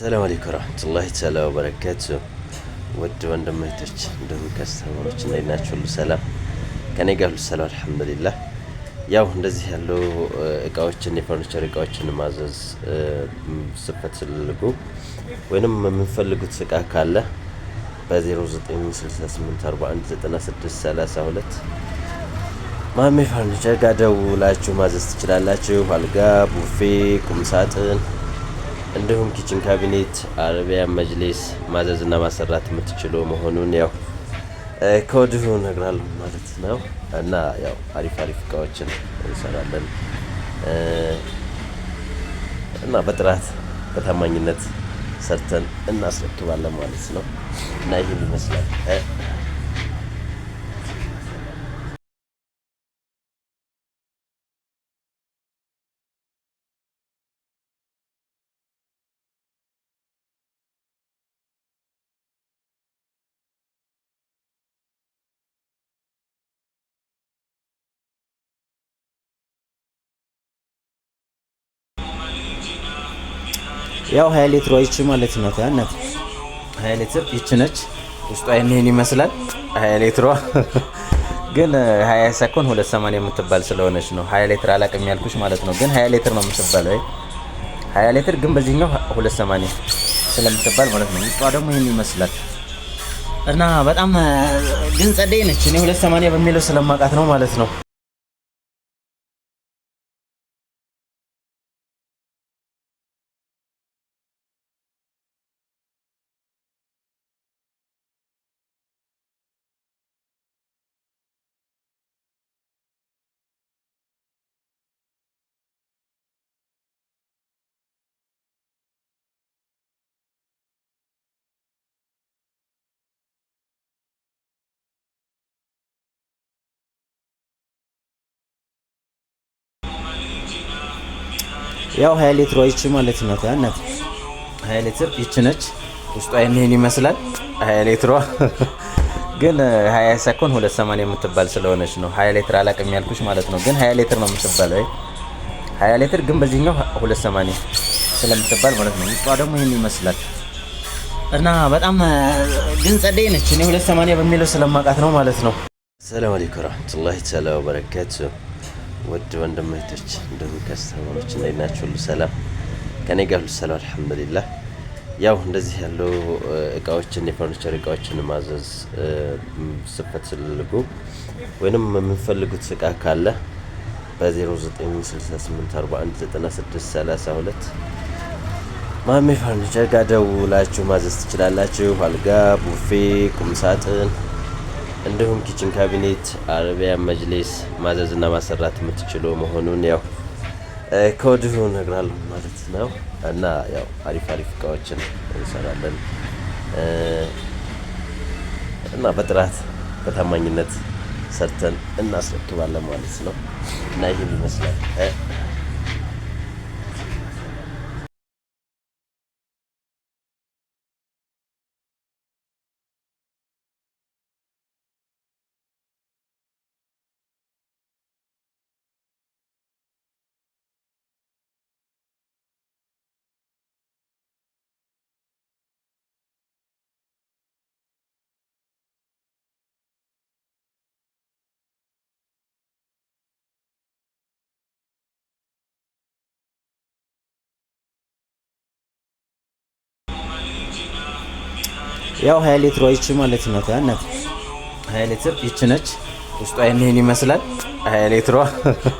ሰላም አለይኩም ረህመቱላሂ ተዓላ ወበረካቱ። ውድ ወንድም እንዲሁም ከስተመሮች እንዴት ናችሁ? ሁሉ ሰላም ከኔ ጋር ሁሉ ሰላም አልሐምዱሊላህ። ያው እንደዚህ ያሉ እቃዎችን የፈርኒቸር እቃዎችን ማዘዝ ስትፈልጉ ወይንም የምንፈልጉት እቃ ካለ በ0968419632 ማሜ ፈርኒቸር ጋር ደውላችሁ ማዘዝ ትችላላችሁ። አልጋ፣ ቡፌ፣ ቁምሳጥን እንዲሁም ኪችን ካቢኔት፣ አረቢያን መጅሊስ ማዘዝና ማሰራት የምትችሉ መሆኑን ያው ከወዲሁ ነግራል ማለት ነው። እና ያው አሪፍ አሪፍ እቃዎችን እንሰራለን እና በጥራት በታማኝነት ሰርተን እናስረክባለን ማለት ነው። እና ይህን ይመስላል። ያው 20 ሊትሯ ይቺ ማለት ነው። ያነት 20 ሊትር ይቺ ነች። ውስጧ ይሄን ይመስላል። 20 ሊትሯ ግን 20 ሰኮን ሁለት የምትባል ስለሆነች ነው 20 ሊትር አላቅም ያልኩሽ ማለት ነው። ግን 20 ሊትር ነው የምትባለው። 20 ሊትር ግን በዚህኛው ሁለት ሰማንያ ስለምትባል ማለት ነው። ውስጧ ደግሞ ይሄን ይመስላል እና በጣም ግን ጸደይ ነች። እኔ ሁለት ሰማንያ በሚለው ስለማውቃት ነው ማለት ነው። ያው ሊትር ሌትሯ ይቺ ማለት ነው። ታናት 20 ሊትር እቺ ነች። ውስጧ ይሄን ይመስላል። 20 ሊትሯ ግን 20 ሳይሆን ሁለት የምትባል ስለሆነች ነው 20 ሌትር አላቅም ያልኩሽ ማለት ነው። ግን ሀያ ሌትር ነው የምትባለው። 20 ሌትር ግን በዚህኛው ሁለት ሰማንያ ስለምትባል ማለት ነው። ውስጧ ደግሞ ይሄን ይመስላል እና በጣም ግን ጸደይ ነች። እኔ ሁለት ሰማንያ በሚለው ስለማውቃት ነው ማለት ነው። ሰላም አለይኩም ወራህመቱላሂ ተዓላ ወበረካቱ ውድ ወንድም እህቶች እንደምን ከስተማሮች እንዴት ናችሁ? ሁሉ ሰላም ከኔ ጋር ሁሉ ሰላም አልሐምዱሊላህ። ያው እንደዚህ ያሉ እቃዎችን የፈርኒቸር እቃዎችን ማዘዝ ስፈት ስልልጉ ወይንም የምንፈልጉት እቃ ካለ በ0968419632 ማሜ ፈርኒቸር ጋር ደውላችሁ ማዘዝ ትችላላችሁ። አልጋ፣ ቡፌ፣ ቁምሳጥን እንዲሁም ኪችን ካቢኔት፣ አረቢያን መጅሊስ ማዘዝና ማሰራት የምትችሉ መሆኑን ያው ከወዲሁ ነግራል ማለት ነው እና ያው አሪፍ አሪፍ እቃዎችን እንሰራለን እና በጥራት በታማኝነት ሰርተን እናስረክባለን ማለት ነው እና ይህም ይመስላል። ያው ሀያ ሊትር ይቺ ማለት ነው። ታናት 20 ሊትር ይቺ ነች። ውስጧ ይሄን ይመስላል። 20 ሊትሯ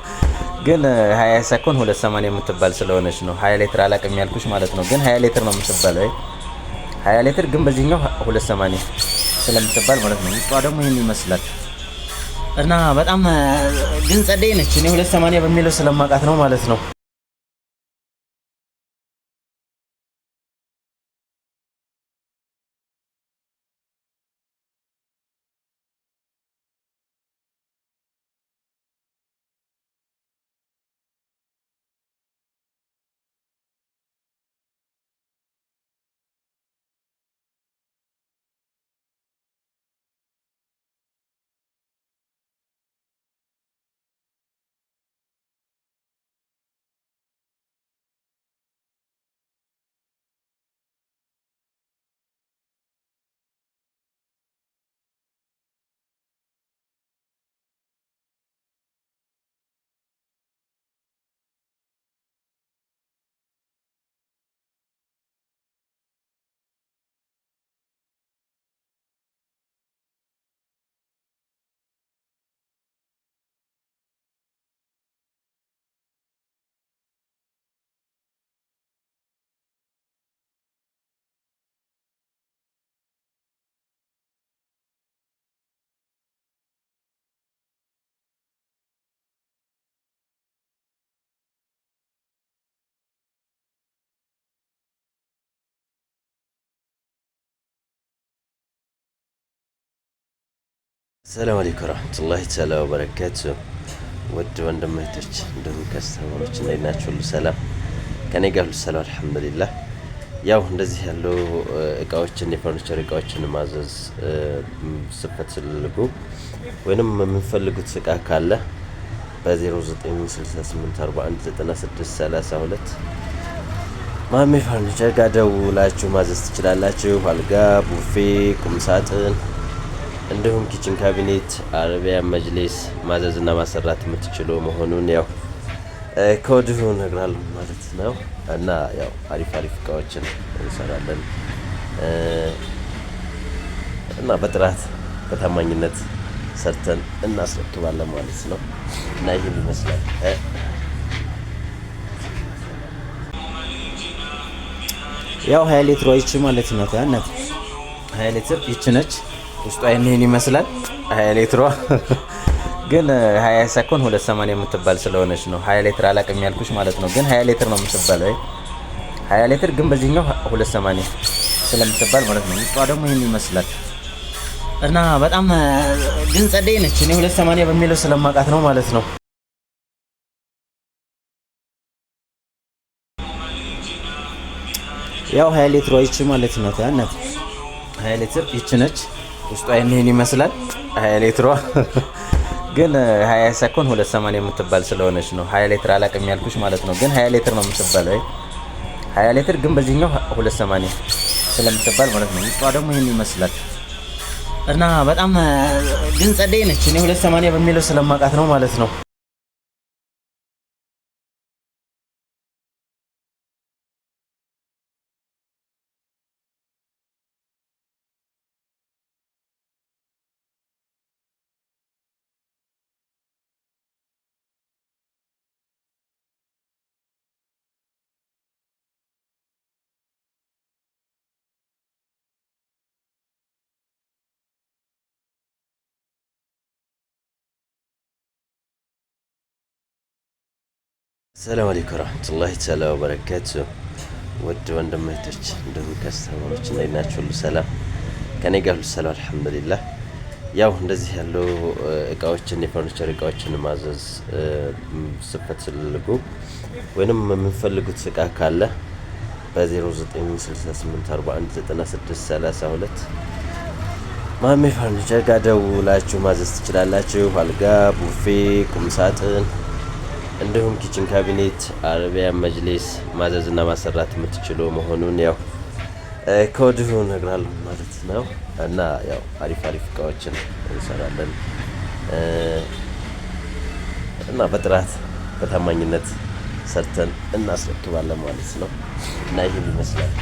ግን 20 ሰኮን ሁለት የምትባል ስለሆነች ነው 20 ሊትር አላቅም ያልኩሽ ማለት ነው። ግን 20 ሊትር ነው የምትባለው። 20 ሊትር ግን በዚህኛው ሁለት ሰማንያ ስለምትባል ማለት ነው። ውስጧ ደግሞ ይሄን ይመስላል እና በጣም ግን ጸደይ ነች። እኔ ሁለት ሰማንያ በሚለው ስለማውቃት ነው ማለት ነው። ሰላም አለይኩም ወራህመቱላሂ ተዓላ ወበረካቱ። ውድ ወንድም እህቶች እንዲሁም ከስተመሮች እንዴት ናችሁ? ሁሉ ሰላም ከኔ ጋር ሁሉ ሰላም አልሐምዱሊላህ። ያው እንደዚህ ያሉ እቃዎችን የፈርኒቸር እቃዎችን ማዘዝ ስትፈልጉ ወይንም የምንፈልጉት እቃ ካለ በ0968419632 ማሜ ፈርኒቸር ጋር ደውላችሁ ማዘዝ ትችላላችሁ። አልጋ፣ ቡፌ፣ ቁምሳጥን እንዲሁም ኪችን ካቢኔት፣ አረቢያን መጅሊስ ማዘዝና ማሰራት የምትችሉ መሆኑን ያው ከወዲሁ እነግራለሁ ማለት ነው። እና ያው አሪፍ አሪፍ እቃዎችን እንሰራለን እና በጥራት በታማኝነት ሰርተን እናስረክባለን ማለት ነው። እና ይህን ይመስላል። ያው ሀያ ሌትሯ ይች ማለት ነው። ያነት ሀያ ሌትር ይቺ ነች። ውስጧ ይህን ይመስላል። ሀያ ሌትሯ ግን ሀያ ሰኮን ሁለት ሰማንያ የምትባል ስለሆነች ነው ሀያ ሌትር አላቅም ያልኩሽ ማለት ነው። ግን ሀያ ሌትር ነው የምትባል ሀያ ሌትር ግን በዚህኛው ሁለት ሰማንያ ስለምትባል ማለት ነው። ውስጧ ደግሞ ይህን ይመስላል እና በጣም ግን ጸደይ ነች። እኔ ሁለት ሰማንያ በሚለው ስለማውቃት ነው ማለት ነው። ያው ሀያ ሌትሯ ይቺ ማለት ነው። ያነት ሀያ ሌትር ይች ነች። ውስጧ ይህን ይመስላል። ሀያ ሌትሯ ግን ሀያ ሰኮን ሁለት ሰማንያ የምትባል ስለሆነች ነው ሀያ ሌትር አላቅም ያልኩሽ ማለት ነው። ግን ሀያ ሌትር ነው የምትባለው። ሀያ ሌትር ግን በዚህኛው ሁለት ሰማንያ ስለምትባል ማለት ነው። ውስጧ ደግሞ ይህን ይመስላል እና በጣም ግን ጸደይ ነች። እኔ ሁለት ሰማንያ በሚለው ስለማውቃት ነው ማለት ነው። ሰላም አለይኩም ወረህመቱላሂ ተዓላ ወበረካቱ። ውድ ወንድም እህቶች እንዲሁም ከስተማሮች እንዴት ናችሁ? ሁሉ ሰላም ከኔ ጋር ሁሉ ሰላም አልሐምዱሊላህ። ያው እንደዚህ ያሉ እቃዎችን የፈርኒቸር እቃዎችን ማዘዝ ስትፈልጉ ወይንም የምንፈልጉት እቃ ካለ በ0968419632 ማሜ ፈርኒቸር ጋር ደውላችሁ ማዘዝ ትችላላችሁ። አልጋ፣ ቡፌ፣ ቁምሳጥን እንዲሁም ኪችን ካቢኔት፣ አረቢያን መጅሊስ ማዘዝና ማሰራት የምትችሉ መሆኑን ያው ከወዲሁ እነግራለሁ ማለት ነው። እና ያው አሪፍ አሪፍ እቃዎችን እንሰራለን እና በጥራት በታማኝነት ሰርተን እናስረክባለን ማለት ነው። እና ይህን ይመስላል።